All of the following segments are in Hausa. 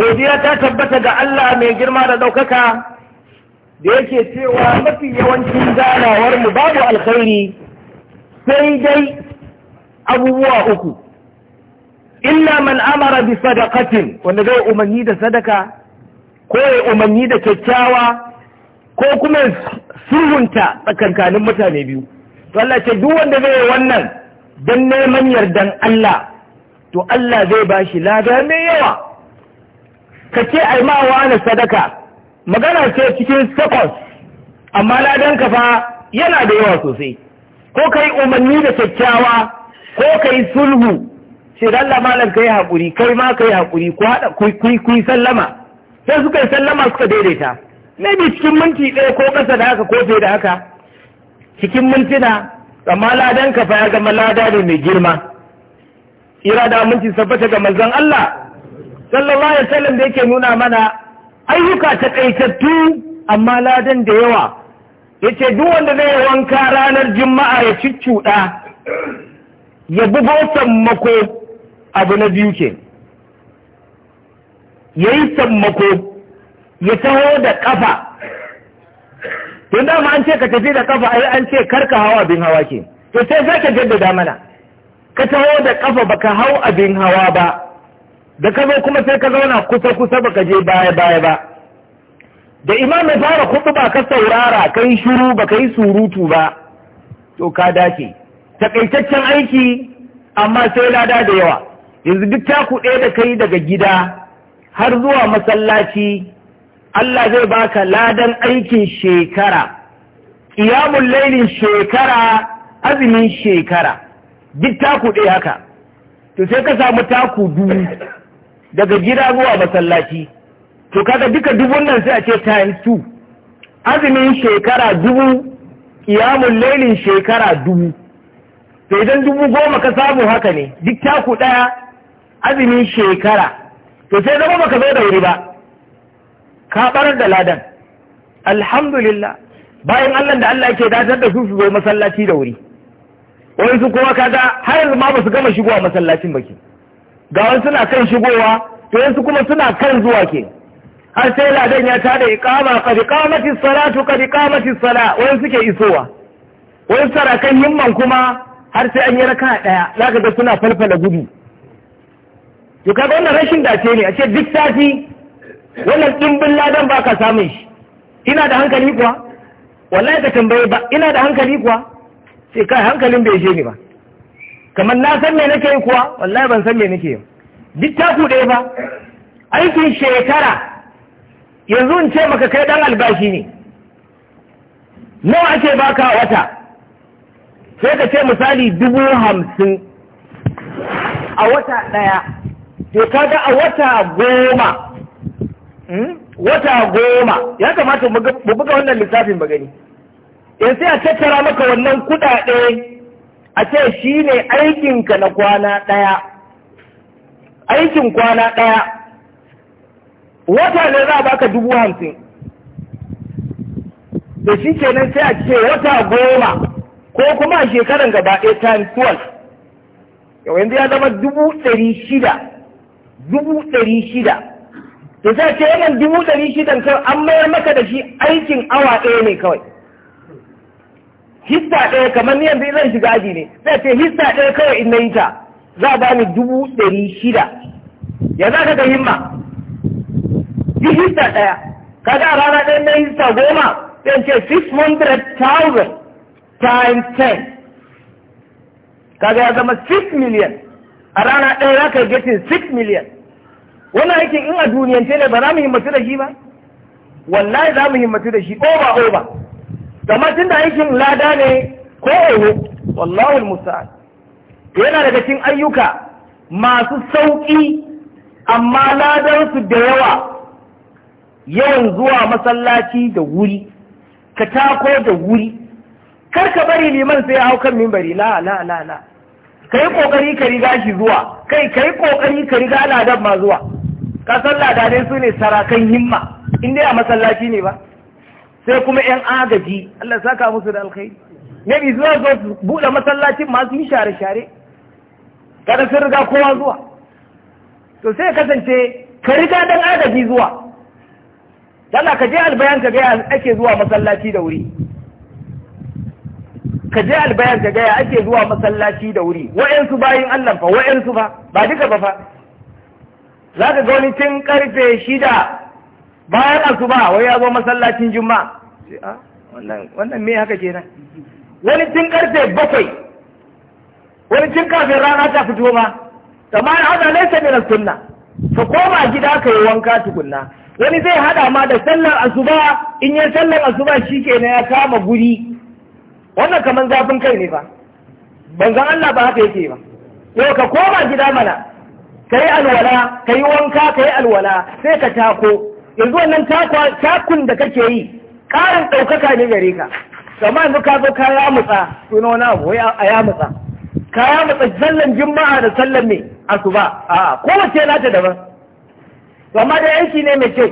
godiya ta tabbata ga Allah mai girma da ɗaukaka da yake cewa mafi yawancin ganawar mu babu alkhairi sai dai abubuwa uku illa man amara bi sadaqatin wanda zai umarni da sadaka ko ya umarni da kyakkyawa ko kuma sulhunta tsakankanin mutane biyu to Allah ce duk wanda zai yi wannan dan neman yardan Allah to Allah zai bashi lada mai yawa ka ce yi ma'awa na sadaka magana ce cikin sakos. amma ladan ka fa yana da yawa sosai ko ka yi umarni da kyakkyawa ko ka yi sulhu ce lamarin ka yi haƙuri kai ma yi haƙuri ku haɗa kuyi sallama sai suka yi sallama suka daidaita maybe cikin minti ɗaya ko ƙasa da haka ko fiye da haka cikin mintuna amma ladan ka fa ya zama lada ne mai girma ira da minti sabbata ga manzon Allah sallallahu alaihi wasallam da yake nuna mana ayyuka ta kaitattu amma ladan da yawa yace duk wanda zai wanka ranar juma'a ya ciccuda ya bugo mako abu na biyu ke yayi sammako ya taho da kafa tun dama an ce ka tafi da kafa ai an ce karka hawa abin hawa ke to sai zaka jaddada mana ka taho da kafa baka hau abin hawa ba da ka zo kuma sai ka zauna kusa kusa baka je baya baya ba da imam ya fara kudu ba ka saurara ka yi shiru ba ka yi surutu ba to ka dace takaitaccen aiki amma sai lada da yawa yanzu duk taku ɗaya da kai daga gida har zuwa masallaci Allah zai baka ladan aikin shekara ƙiyamun lailin shekara azumin shekara duk taku ɗaya haka to sai ka samu taku biyu. daga gida zuwa masallaci to kaga duka dubun nan sai a ce times two azumin shekara dubu kiyamun lailin shekara dubu to idan dubu goma ka samu haka ne duk taku ɗaya azumin shekara to sai zama baka zo da wuri ba ka barar da ladan alhamdulillah bayan Allah da Allah yake datar da su su zo masallaci da wuri wani su kuma kaga har yanzu ma ba su gama shigowa masallacin baki ga wani suna kan shigowa to yanzu kuma suna kan zuwa ke har sai ladan ya tada iqama qad iqamati salatu qad iqamati sala wani suke isowa wani sarakan himman kuma har sai an yi raka daya zaka ga suna falfala gudu to kaga wannan rashin dace ne a ce duk sati wannan dimbin ladan baka samun shi ina da hankali kuwa wallahi ka tambaye ba ina da hankali kuwa sai kai hankalin bai je ni ba kamar na san me nake yi kuwa wallahi ban san me nake duk ta ɗaya ba aikin shekara yanzu in ce maka kai ɗan albashi ne nawa ake baka wata sai ka ce misali dubu hamsin a wata ɗaya to kaga a wata goma hmm? wata goma ya kamata mu buga wannan lissafin ba gani yanzu a tattara maka wannan kuɗaɗe a ce shi ne aikinka na kwana ɗaya aikin kwana ɗaya wata ne za a baka dubu hamsin da shi nan sai a ce wata goma ko kuma a shekarar gaba ɗaya yi 12 yau yanzu ya zama dubu ɗari shida dubu ɗari shida to sai ce wannan dubu ɗari shidan kan an mayar maka da shi aikin awa ɗaya ne kawai hissa ɗaya kamar ni yanzu zan shiga aji ne zai ce hissa ɗaya kawai in na yi ta za a bani dubu ɗari shida ya za ka ga himma duk hissa ɗaya ka a rana ɗaya na hissa goma zan ce 600,000 times 10 kaga ya zama 6 million a rana ɗaya za ka getin 6 million wannan aikin in a duniyance ne ba za mu himmatu da shi ba wallahi za mu himmatu da shi over over zama tun da aikin lada ne ko oho wallahu musta'an yana daga cikin ayyuka masu sauƙi amma ladarsu da yawa yawan zuwa masallaci da wuri ka tako da wuri kar ka bari liman sai ya hau kan mimbari la la la la kai kokari ka riga shi zuwa kai kai kokari ka riga ladan ma zuwa kasan lada su ne sarakan himma in dai a masallaci ne ba sai kuma yan agaji Allah saka musu da alkhairi bi zuwa zuwa su buɗe masallacin masu yi share-share kada sun riga kowa zuwa to sai kasance ka riga dan agaji zuwa dala ka je albayan ka gaya ake zuwa masallaci da wuri ka je albayan ka gaya ake zuwa masallaci da wuri wa'yansu bayin Allah fa wa'yansu ba ba duka ba fa za ka ga wani tun karfe shida bayan asuba wai ya zo masallacin juma'a ah, wannan me haka kenan wani tun karfe bakwai wani tun kafin rana ta fito ma kamar hada laisa min sunna ka koma gida ka yi wanka tukunna wani zai hada ma da sallar asuba in yi sallar asuba shikenan ya kama guri wannan kamar zafin kai ne fa banzan Allah ba haka yake ba yau ka koma gida mana ka yi alwala ka yi wanka ka yi alwala sai ka tako yanzu wannan takun da kake yi ƙarin ɗaukaka ne gare ka kama yanzu ka zo ka yamutsa suna wani abu a yamutsa ka yamutsa sallan juma'a da sallan mai asuba a kowace nata daban amma da yanki ne mai kyau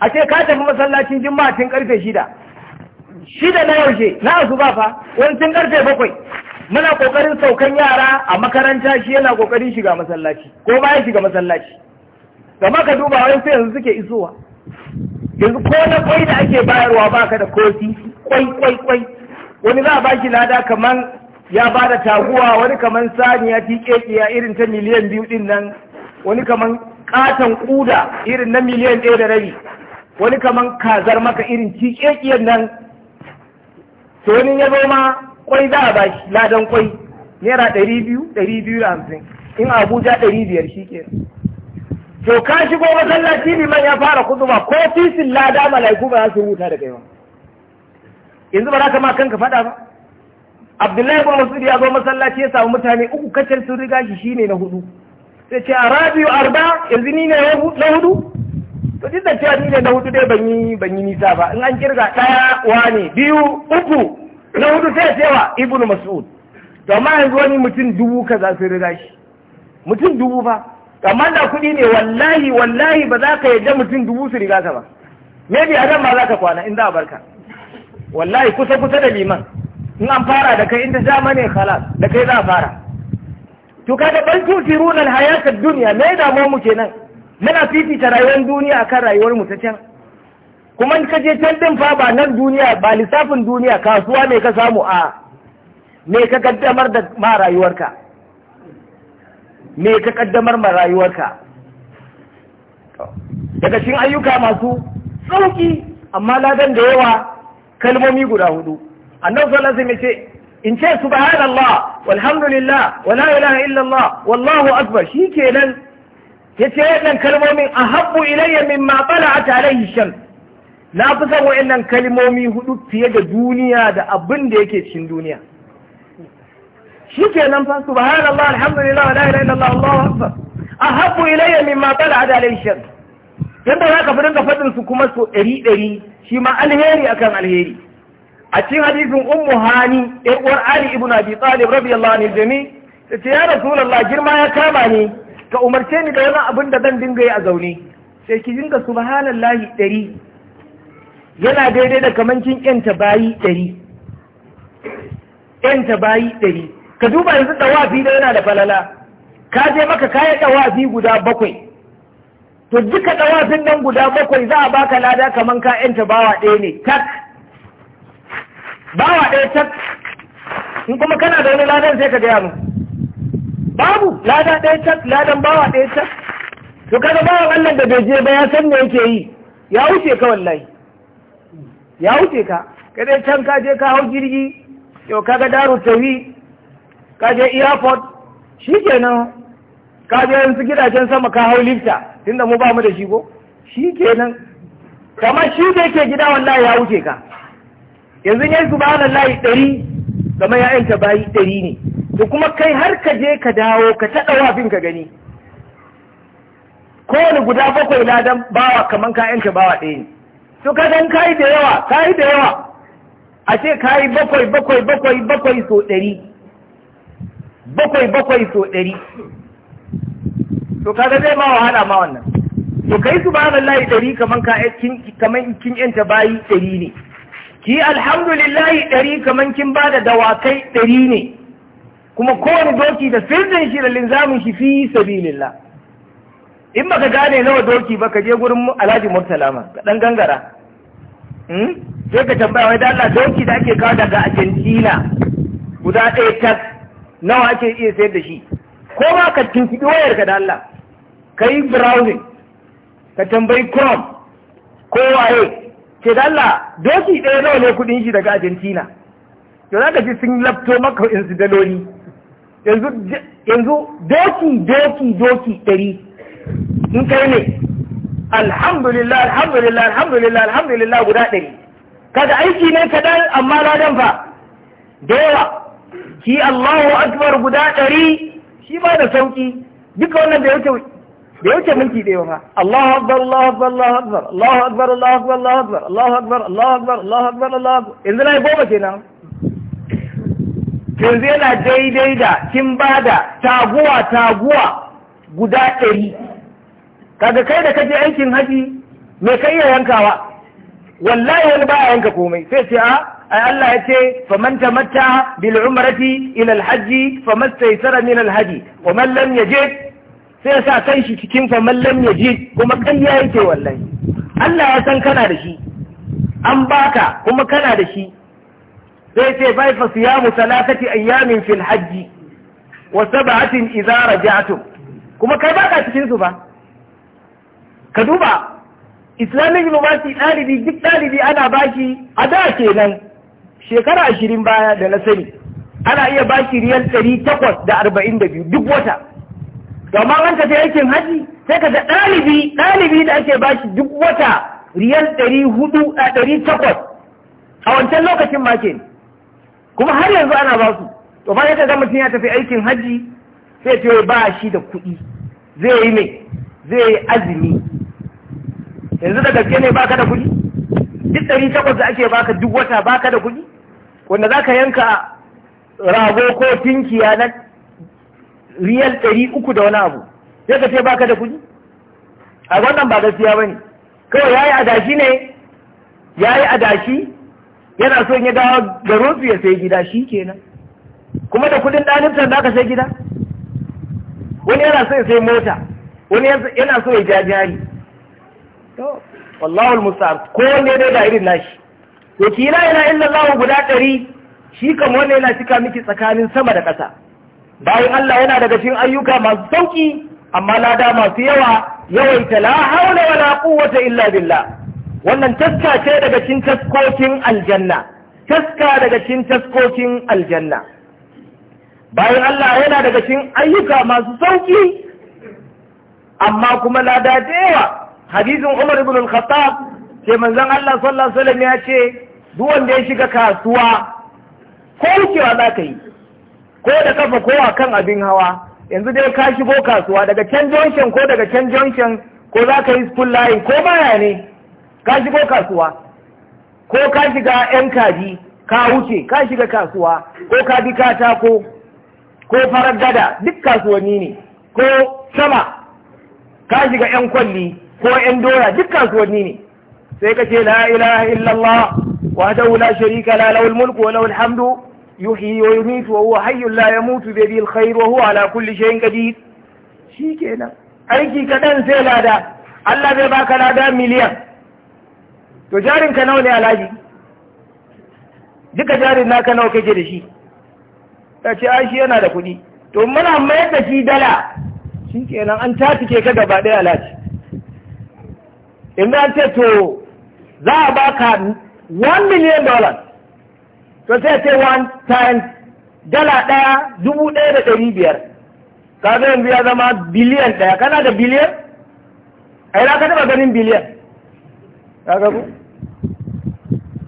a ce ka tafi masallacin juma'a tun karfe shida shida na yaushe na asuba fa wani tun karfe bakwai muna kokarin saukan yara a makaranta shi yana kokarin shiga masallaci ko ba ya shiga masallaci gama ka duba wani sai yanzu suke isowa yanzu ko na kwai da ake bayarwa baka da kosi kwai kwai kwai wani za a ba shi lada kamar ya ba da taguwa wani kamar saniya tiƙeƙiya irin ta miliyan biyu din nan wani kamar katon ƙuda irin na miliyan ɗaya da rabi wani kamar kazar maka irin tiƙeƙiyar nan to wani ya zo ma kwai za a ba shi ladan kwai naira ɗari biyu ɗari biyu da hamsin in abuja ɗari biyar shi kenan to ka shigo masallaci man ya fara kutuba ko fisin lada malaiku ba za su huta da kaiwa yanzu ba za ka ma kanka faɗa ba abdullahi ibn mas'ud ya zo masallaci ya samu mutane uku kacal sun riga shi shine na hudu sai ce a rabiu arba yanzu ni ne na hudu to duk da cewa ni ne na hudu dai ban yi ban yi nisa ba in an kirga ɗaya wane biyu uku na hudu sai cewa ibnu mas'ud to amma yanzu wani mutum dubu kaza sun riga shi mutum dubu ba kamar da kuɗi ne wallahi wallahi ba za ka yadda mutum dubu su riga ka ba maybe a ma za ka kwana in za a barka wallahi kusa kusa da liman in an fara da kai in ta ja ne khalas da kai za a fara to kada bal tuti runar hayata duniya me damuwar mu kenan muna fifita rayuwar duniya akan rayuwar mu ta can kuma in ka je can din fa ba nan duniya ba lissafin duniya kasuwa ne ka samu a me ka gaddamar da ma rayuwarka me ka kaddamar ma rayuwarka daga cikin ayyuka masu sauki amma ladan da yawa kalmomi guda hudu annabi sallallahu alaihi wasallam ce in ce subhanallah walhamdulillah wala ilaha illallah wallahu akbar shikenan yace wannan kalmomin a ahabbu ilayya mimma a alayhi hishan na fi san wa'annan kalmomi hudu fiye da duniya da abin da yake cikin duniya shi kenan fa subhanallah alhamdulillah wa la ilaha illallah allahu akbar ahabbu ilayya mimma tala'at alayhi shar yadda za ka dinga fadin su kuma so ɗari ɗari shi ma alheri akan alheri a cikin hadisin ummu hani ɗan uwar ali ibn abi talib radiyallahu anhu jami ta ce ya rasulullah girma ya kama ni ka umarce ni da yawan abin da zan dinga yi a zaune sai ki dinga subhanallahi ɗari yana daidai da kamancin ƴanta bayi ɗari ƴanta bayi ɗari ka duba yanzu dawafi da yana da falala ka je maka kayan dawafi guda bakwai to duka dawafin nan guda bakwai za a baka lada kaman ka yanta bawa ɗaya ne tak bawa ɗaya tak in kuma kana da wani ladan sai ka gaya mu babu lada ɗaya tak ladan bawa ɗaya tak to kaga bawan wannan da bai je ba ya san me yake yi ya wuce ka wallahi ya wuce ka kada can ka je ka hau jirgi yau kaga daru tawi ka je airport shikenan ka je yanzu gidajen sama ka hau lifta tunda mu ba mu da shi ko Shi nan. kamar shi da yake gida wallahi ya wuce ka yanzu yayi wallahi ɗari kamar ya yanta bayi ɗari ne to kuma kai har ka je ka dawo ka taɗa wafin ka gani kowane guda bakwai ladan bawa kamar ka yanta bawa ɗaya ne to ka dan kayi da yawa kayi da yawa a ce kayi bakwai bakwai bakwai bakwai so ɗari bakwai bakwai so ɗari to kaga zai ma wahala ma wannan to kai su ba layi ɗari kaman ka kaman kin yanta bayi ɗari ne ki alhamdulillahi ɗari kaman kin ba da dawakai ɗari ne kuma kowane doki da sirrin shi da linzamin shi fi sabilillah in baka gane nawa doki ba ka je gurin alhaji murtala ma ka ɗan gangara hmm? sai ka tambaya wai da Allah doki da ake kawo daga Argentina guda ɗaya tas nawa ake iya sayar da shi ko ba ka tuntuɓi wayarka da Allah ka yi browning. ka tambayi chrome ko waye ce da Allah doki ɗaya nawa ne kuɗin shi daga Argentina to za ka ji sun lafto maka yanzu daloli yanzu doki doki doki ɗari in kai ne alhamdulillah alhamdulillah alhamdulillah alhamdulillah guda ɗari kaga aiki ne kaɗan amma ladan fa da yawa Ki Allahu akbar guda ɗari shi ba da sauki duka wannan da yake da wuce minti da ba Allahu akbar Allahu akbar Allahu akbar Allahu akbar Allahu akbar Allahu akbar Allahu akbar Allahu akbar Allahu akbar yanzu na yi goma kenan yanzu yana daidai da kin bada taguwa taguwa guda ɗari kaga kai da kaje aikin haji me kai ya yankawa wallahi wani baya yanka komai sai ce ah, ai Allah ya ce faman tamatta bil umrati ila al hajji famastaysara min al hadi wa man lam yajid sai sa kan shi cikin faman lam yaji kuma ƙarya yake wallahi Allah ya san kana da shi an baka kuma kana da shi sai ce bai fa siyamu salatati ayyamin fil hajji wa sab'atin idza raja'tum kuma kai baka cikin su ba ka duba islamic university dalibi duk dalibi ana bashi a da kenan shekara ashirin baya da na sani ana iya ba shi riyal ɗari takwas da arba'in da biyu duk wata Domin an tafi aikin haji sai ka ga ɗalibi ɗalibi da ake ba shi duk wata riyal ɗari hudu a ɗari takwas a wancan lokacin ma ke kuma har yanzu ana ba su to ba ka ga mutum ya tafi aikin haji sai ce ba shi da kuɗi zai yi mai zai yi azumi yanzu da gaske ne ba ka da kuɗi duk ɗari takwas da ake baka duk wata baka da kuɗi wanda za ka yanka rago ko tinkiya na riyal ɗari uku da wani abu sai ka ce baka da kuɗi a wannan ba gaskiya ba ne kawai ya yi adashi ne ya yi adashi yana so ya dawo garinsu ya sai gida shi kenan kuma da kuɗin ɗanimtar da aka sai gida wani yana so ya sai mota wani yana so ya ja jari wallahu musta'an ko dai da irin nashi to ki la ilaha illallah guda ɗari shi kam wannan yana cika miki tsakanin sama da ƙasa bayan Allah yana daga cikin ayyuka masu sauki amma lada masu yawa yawaita la haula wala quwwata illa billah wannan taska ce daga cikin taskokin aljanna taska daga cikin taskokin aljanna bayan Allah yana daga cikin ayyuka masu sauki amma kuma lada da yawa hadisin Umar ibn al-Khattab ce manzon Allah sallallahu alaihi wasallam ya ce duk wanda ya shiga kasuwa ko wucewa za ka yi ko da kafa ko a kan abin hawa yanzu dai ka shigo kasuwa daga can junction ko daga can junction ko za ka yi full line ko baya ne ka shigo kasuwa ko ka shiga yan kaji ka wuce ka shiga kasuwa ko ka bi katako ko farar gada duk kasuwanni ne ko sama ka shiga yan kwalli ko yan doya duk kasuwanni ne sai ka ce la ilaha illallah wahdahu la sharika la lahul mulku wa lahul hamdu yuhyi wa yumiitu wa huwa hayyun la yamutu bi yadihi alkhair wa huwa ala kulli shay'in qadir shikenan aiki kaɗan sai lada Allah zai baka lada miliyan to jarin ka nawa ne alhaji duka jarin naka nawa kake da shi ta ce shi yana da kuɗi to muna mayar da shi dala shikenan an tatike ka gaba ɗaya alhaji inda an ce to za a baka 1 million dollars to sai ce 1 times dala ɗaya dubu ɗaya da ɗari biyar ka zai yanzu ya zama biliyan ɗaya kana da biliyan a ina ka taɓa ganin biliyan ya gabu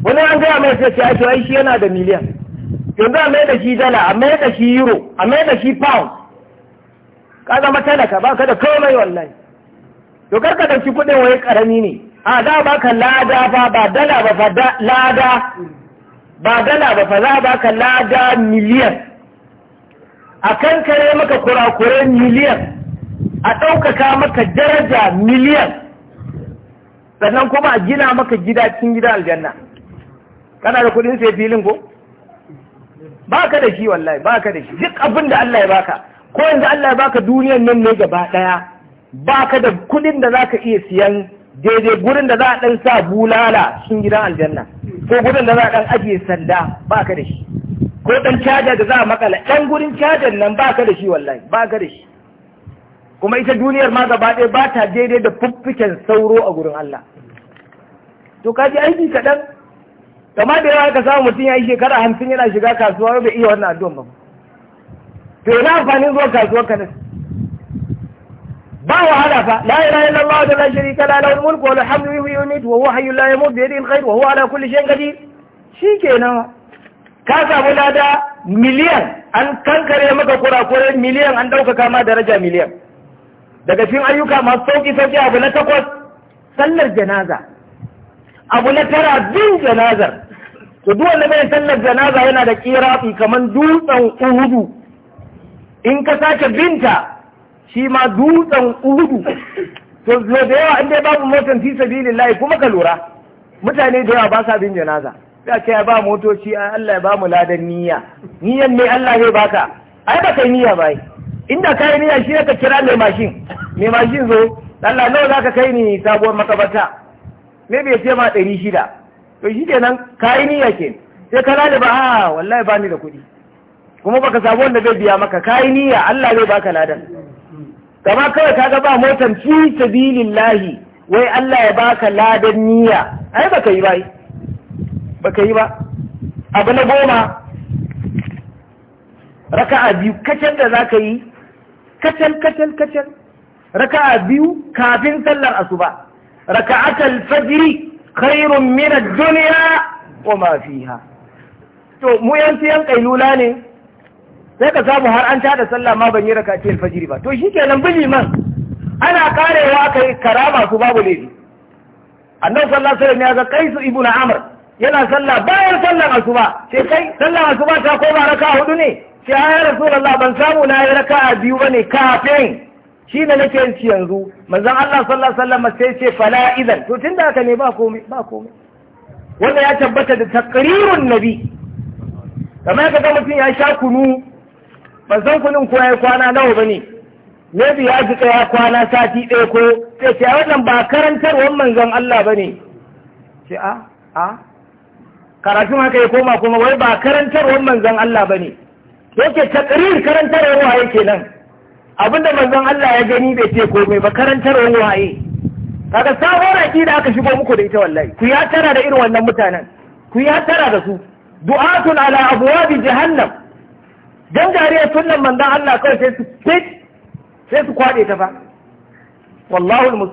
wani an gaya mai sai ya ce ai shi yana da miliyan yanzu a mai da shi dala a mai da shi euro a mai da shi pound ka zama talaka ba ka da komai wallahi to karka ɗauki kuɗin wai ƙarami ne a za ba ka lada fa ba dala ba fa lada ba dala ba fa za ba ka lada miliyan a kan kare maka kurakure miliyan a ɗaukaka maka daraja miliyan sannan kuma a gina maka gida cikin gida aljanna kana da kuɗin sai filin ko ba ka da shi wallahi ba ka da shi duk abin da Allah ya baka ko yanzu Allah ya baka duniyar nan ne gaba ɗaya ba ka da kudin da za ka iya siyan daidai gurin da za a ɗan sa bulala sun gidan aljanna ko gurin da za a ɗan ajiye sanda ba ka da shi ko ɗan caja da za a makala ɗan gurin cajan nan ba ka da shi wallahi ba ka da shi kuma ita duniyar ma gaba ɗaya ba ta daidai da fuffiken sauro a gurin Allah to ka ji aiki kaɗan kama da yawa ka samu mutum ya yi shekara hamsin yana shiga kasuwa bai iya wannan addu'an ba to yana amfanin zuwa kasuwar ka ne ba wahala fa la ilaha illallah wa la sharika la lahul mulku wa lahul hamdu wa yuhyi wa huwa hayyul la yamut bi yadihi alkhair wa huwa ala kulli shay'in qadir shikenan ka samu lada miliyan an kankare maka kurakurai miliyan an ɗaukaka ma daraja miliyan daga cikin ayyuka masu sauki sauki abu na takwas sallar janaza abu na tara bin janazar to duk wanda mai sallar janaza yana da kirafi kamar dutsen uhudu in ka sake binta shi ma dutsen uhudu to zo da yawa inda babu motan fi sabilillahi kuma ka lura mutane da yawa ba sa bin janaza ya ce ya ba motoci ai Allah ya ba mu ladan niyya niyyan ne Allah zai baka ai ba kai niyya ba inda kai niyya shi ka kira mai mashin mai mashin zo Allah nawa zaka kai ni sabuwar makabarta me bai ce ma ɗari shida to shi kai kayi niyya ke sai ka lalace ba a ah, wallahi ba ni da kuɗi kuma baka sabuwar wanda zai biya maka kayi niyya Allah zai baka ladan kama kawai kaga ba motar fi sabilillahi wai Allah ya baka ladan niyya ai baka yi ba baka yi ba abu na goma raka'a biyu kacal da zaka yi kacal kacal kacal raka'a biyu kafin sallar asuba raka'atul fajri khairun min ad-dunya wa ma fiha to mu yanzu yan kailula ne sai ka samu har an tada sallah ma ban yi raka ce alfajiri ba to shi kenan bili man ana karewa kai karama su babu laifi Annan Sallah sallam ya ga kaisu na amur yana sallah bayan sallan asuba ce kai sallan asuba ta koma raka hudu ne sai ya rasulullah ban samu na yi raka a biyu ba ne kafin shi ne nake yanci yanzu manzan Allah sallah alaihi sai ce fala idan to da haka ne ba komai ba komai wanda ya tabbata da taqrirun nabi kamar kaga mutum ya sha kunu ban san kuɗin kuwa ya kwana nawa ba ne bi ya ji tsaya kwana sati ɗaya ko sai ce wannan ba karantarwar manzon Allah ba ne ce a a karatun haka ya koma kuma wai ba karantarwar manzon Allah ba ne yake takrir karantarwar waye kenan abinda manzon Allah ya gani bai ce komai ba karantarwar waye kaga sabon raki da aka shigo muku da ita wallahi ku ya tara da irin wannan mutanen ku ya tara da su du'atun ala abwabi jahannam dan dariyar sunnan manzon Allah kawai sai su sai su kwade ta fa wallahu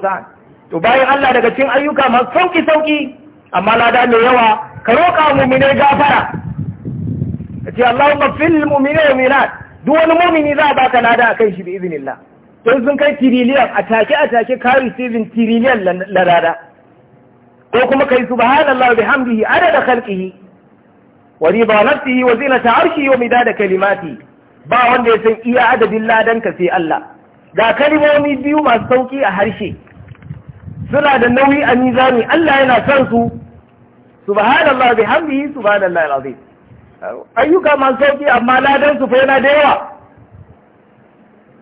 to bayan Allah daga cikin ayyuka masu sauki sauki amma lada mai yawa ka roƙa mu'mine gafara kace Allahumma fil mu'mine wa minat duk wani mu'mini za a baka lada akan shi bi iznillah don sun kai tiriliyan a take a take ka receiving tiriliyan na lada ko kuma kai subhanallah bihamdihi adada khalqihi wa riba nafsihi wa zina ta arshi wa da kalimati ba wanda ya san iya adadin ladan ka sai Allah ga kalmomi biyu masu sauki a harshe suna da nauyi a mizani Allah yana son su subhanallah bihamdihi subhanallah alazim ayyuka masu sauki amma ladan su fa yana da yawa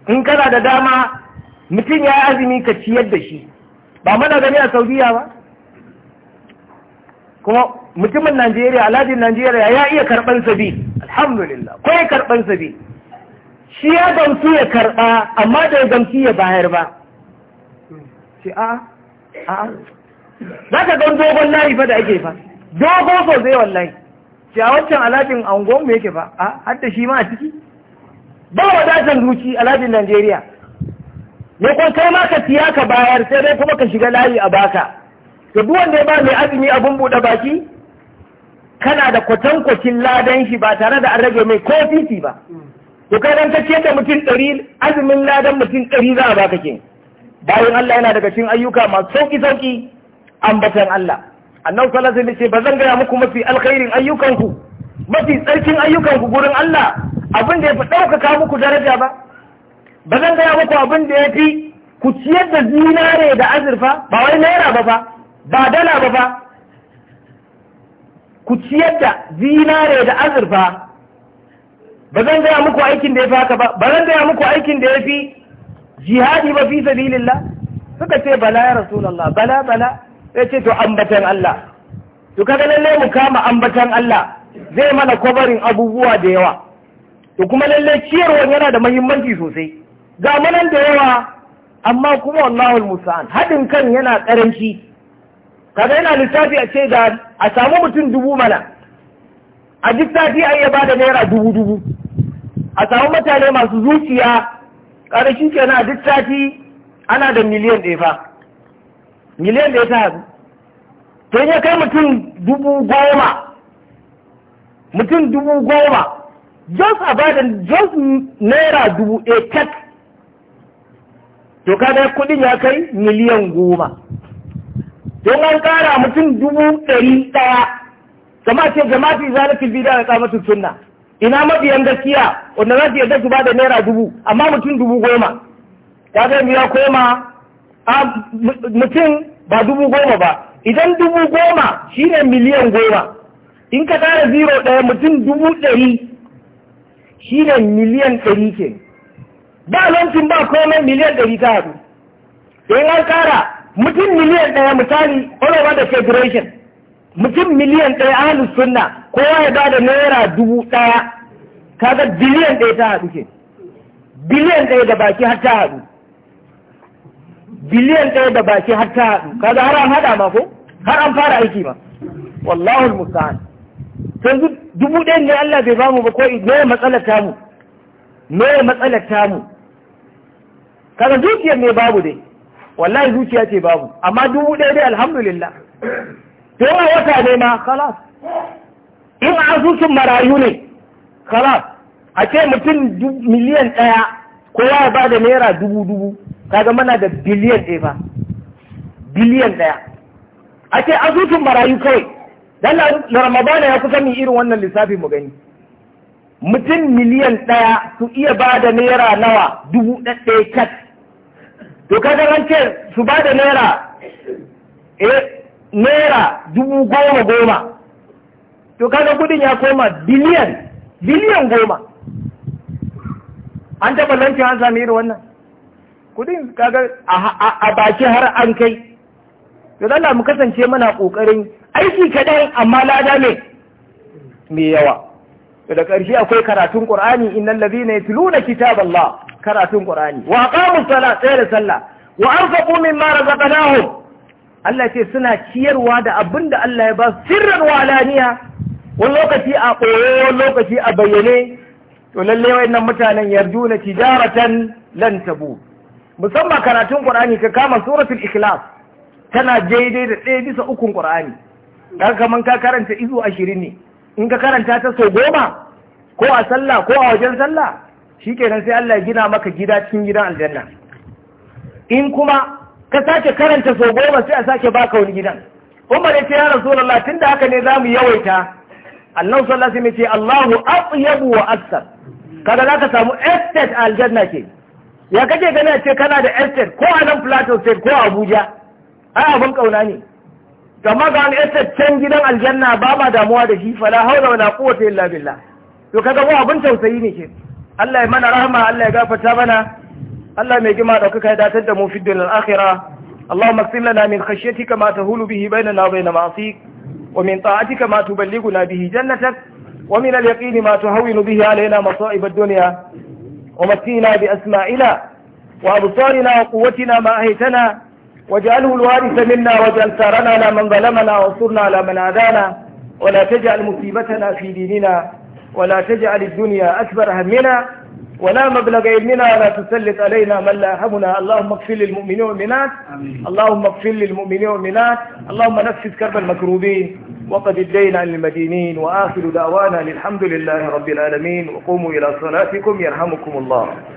in kana da dama mutum ya azumi ka ciyar da shi ba mana gani a Saudiya ba kuma mutumin Najeriya aladin Najeriya ya iya karban sabi alhamdulillah ko ya karban sabi shi ya gamsu ya karba amma da ya gamsu ya bayar ba shi a a za ka gan dogon layi fa da ake fa dogo sosai wallahi shi a wancan aladin angon mu yake fa a hadda shi ma a ciki ba wadatar zuci aladin Najeriya ne kuma kai ma ka siya ka bayar sai dai kuma ka shiga layi a baka to duk wanda ya ba mai azumi abun buɗe baki kana da kwatankwacin ladan shi ba tare da an rage mai ko titi ba to kai dan kace da mutum ɗari azumin ladan mutum ɗari za a baka ke bayan Allah yana daga cikin ayyuka masu sauki sauki ambatan Allah annabi sallallahu alaihi ce ba zan gaya muku mafi alkhairin ayyukanku mafi tsarkin ayyukanku gurin Allah abin da ya daukaka ɗaukaka muku daraja ba bazan zan gaya muku abin da ya fi ku ciyar da zinare da azurfa ba wai naira ba fa ba dala ba ba ku ciyar da zinare da azurfa ba zan gaya muku aikin da ya fi haka ba ba zan gaya muku aikin da ya fi jihadi ba fi sabilillah suka ce bala ya rasulallah bala bala ya ce to ambatan Allah to kaga lalle mu kama ambatan Allah zai mana kwabarin abubuwa da yawa to kuma lalle ciyarwa yana da mahimmanci sosai ga manan da yawa amma kuma wallahul musa'an haɗin kan yana ƙaranci kaga yana lissafi a ce ga a samu mutum dubu mana a duk sati an iya ba da naira dubu dubu a samu mutane masu zuciya ƙarashi na a duk sati ana da miliyan ɗaya fa miliyan ɗaya ta to ya kai mutum dubu goma mutum dubu goma jos a bada jos naira dubu ɗaya tak to kada kuɗin ya kai miliyan goma don an kara mutum dubu ɗari ɗaya kama ce jama'atu zalatul bid'a da mutum sunna ina mabiyan gaskiya wanda za su yarda su ba da naira dubu amma mutum dubu goma ta zai biya koma a mutum ba dubu goma ba idan dubu goma shine miliyan goma in ka tara zero ɗaya mutum dubu ɗari shine miliyan ɗari ke ba lantin ba komai miliyan ɗari ta haɗu in an kara mutum miliyan ɗaya misali ƙwararwa da federation mutum miliyan ɗaya ahlus sunna kowa ya ba da naira dubu ɗaya kaga biliyan ɗaya ta haɗu ke biliyan ɗaya da baki har ta haɗu biliyan ɗaya da baki har ta haɗu kaga har an haɗa ma ko har an fara aiki ba wallahu musta'an yanzu dubu ɗaya ne Allah bai bamu ba ko me matsalar tamu me matsalar tamu kaga dukiyar ne babu dai wallahi zuciya ce babu amma dubu ɗaya dai alhamdulillah to yawa wata ne ma khalas in asusun marayu ne khalas a ce mutum miliyan ɗaya ko ya ba da naira dubu dubu kaga mana da biliyan ɗaya ba biliyan ɗaya a ce asusun marayu kawai dan na ramadana ya kusa mu irin wannan lissafi mu gani mutum miliyan ɗaya su iya ba da naira nawa dubu ɗaɗɗaya kat to kaga ran ce su ba da naira eh naira dubu goma goma to kaga kudin ya koma biliyan biliyan goma an taɓa lanci an sami irin wannan kudin kaga a baki har an kai to zalla mu kasance mana ƙoƙarin aiki kaɗan amma lada ne mai yawa da ƙarshe akwai karatun ƙur'ani innal ladhina yatluna kitaballah karatun Qur'ani wa aqamu salat da sallah wa anfaqu mimma razaqnahum Allah ce suna ciyarwa da abinda Allah ya ba sirran wa alaniya wani lokaci a koyo wani lokaci a bayyane to lalle wayannan mutanen na tijaratan lan tabu musamman karatun Qur'ani ka kama suratul ikhlas tana daidai da ɗaya bisa ukun Qur'ani kaga kaman ka karanta izu ashirin ne in ka karanta ta sau goma ko a sallah ko a wajen sallah Shi kenan sai Allah ya gina maka gida cikin gidan aljanna in kuma ka sake karanta sau goma sai a sake baka wani gidan umar ya ce ya rasulullah tunda haka ne mu yawaita Allah sallallahu alaihi ce Allahu atyabu wa Kada kaga zaka samu estate aljanna ke ya kake gani a ce kana da estate ko a nan Plateau State ko Abuja ai abun kauna ne amma ga wani estate can gidan aljanna ba ma damuwa da shi fala hau wala quwwata illa billah to kaga mu abun tausayi ne ke Allah ya mana rahama Allah ya gafarta mana Allah mai gima daukaka ya datar اللهم اغفر لنا من خشيتك ما تهول به بيننا وبين معصيك ومن طاعتك ما تبلغنا به جنتك ومن اليقين ما تهول به علينا مصائب الدنيا ومسينا بأسمائنا وأبصارنا وقوتنا ما أهيتنا واجعله الوارث منا واجعل سارنا على من ظلمنا وانصرنا على من عادانا ولا تجعل مصيبتنا في ديننا ولا تجعل الدنيا أكبر همنا ولا مبلغ علمنا ولا تسلط علينا من لا همنا اللهم اغفر للمؤمنين والمؤمنات اللهم اغفر للمؤمنين والمؤمنات اللهم نفس كرب المكروبين وقد ادينا للمدينين وآخر دعوانا الحمد لله رب العالمين وقوموا إلى صلاتكم يرحمكم الله